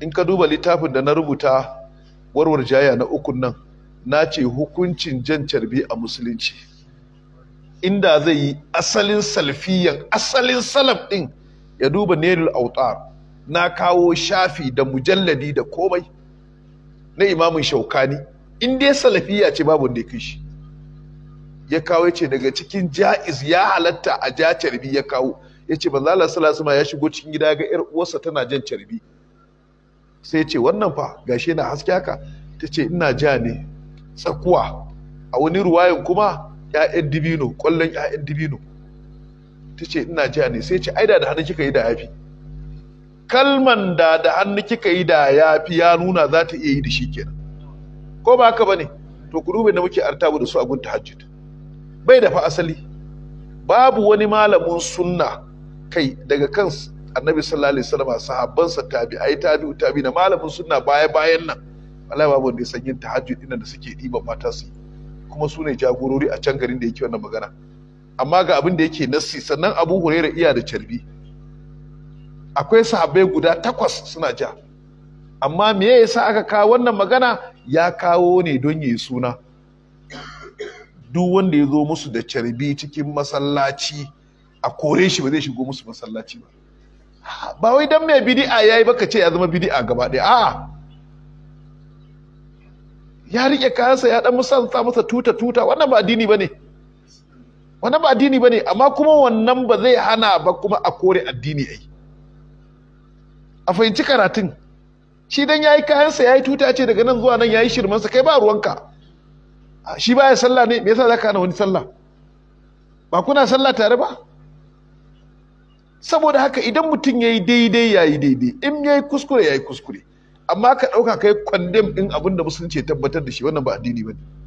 in ka duba littafin da na rubuta warwar jaya na ukun nan na ce hukuncin jan carbi a musulunci inda zai yi asalin salfiyan asalin salaf din ya duba nailul autar na kawo shafi da mujalladi da komai na imamin shaukani in dai salafiya ce babu da ya ya kawo ce daga cikin ja'iz ya halatta a ja carbi ya kawo ya ce manzo Allah ma ya shigo cikin gida ga 'yar uwarsa tana jan carbi sai ce wannan fa gashi na haske haka ta ce ina ja ne tsakuwa a wani ruwayan kuma ‘ya'yan dibino ƙwallon ‘ya'yan dibino ta ce ina ja ne sai ce ai da da hannu kika yi da yafi kalman da da hannu kika yi da yafi ya nuna za ta iya yi da shi kenan ko ba haka ba ne to ku dube da muke artabu da su a gun tahajjud bai da fa asali babu wani malamin sunna kai daga kansu. annabi sallallahu alaihi wasallam sahabbansa tabi'ai tabi'u tabi na malamin sunna baya bayan nan wallahi babu wanda ya san yin tahajjud din da suke diba mata su kuma su ne jagorori a can garin da yake wannan magana amma ga abin da yake nassi sannan Abu Hurairah iya da carbi akwai sahabbai guda takwas suna ja amma me yasa aka kawo wannan magana ya kawo ne don yi suna duk wanda ya zo musu da carbi cikin masallaci a kore shi ba zai shigo musu masallaci ba ba wai dan mai bidi'a yayi ba ka ce ya zama bidi'a gaba ɗaya a'a ya rike kayansa ya dan musanta masa tuta tuta wannan ba addini bane wannan ba addini ne amma kuma wannan ba zai hana ba kuma a kore addini ai a fahimci karatun shi dan yi kayansa ya yi tuta ce daga nan zuwa nan ya yi shirmansa kai ba ruwanka shi ba ya sallah ne me yasa za ka hana wani sallah ba kuna sallah tare ba saboda haka idan mutum ya yi daidai ya yi daidai in ya yi kuskure ya yi kuskure amma ka ɗauka ka yi kwandem ɗin abin da musulunci ya tabbatar da shi wannan ba addini ba ne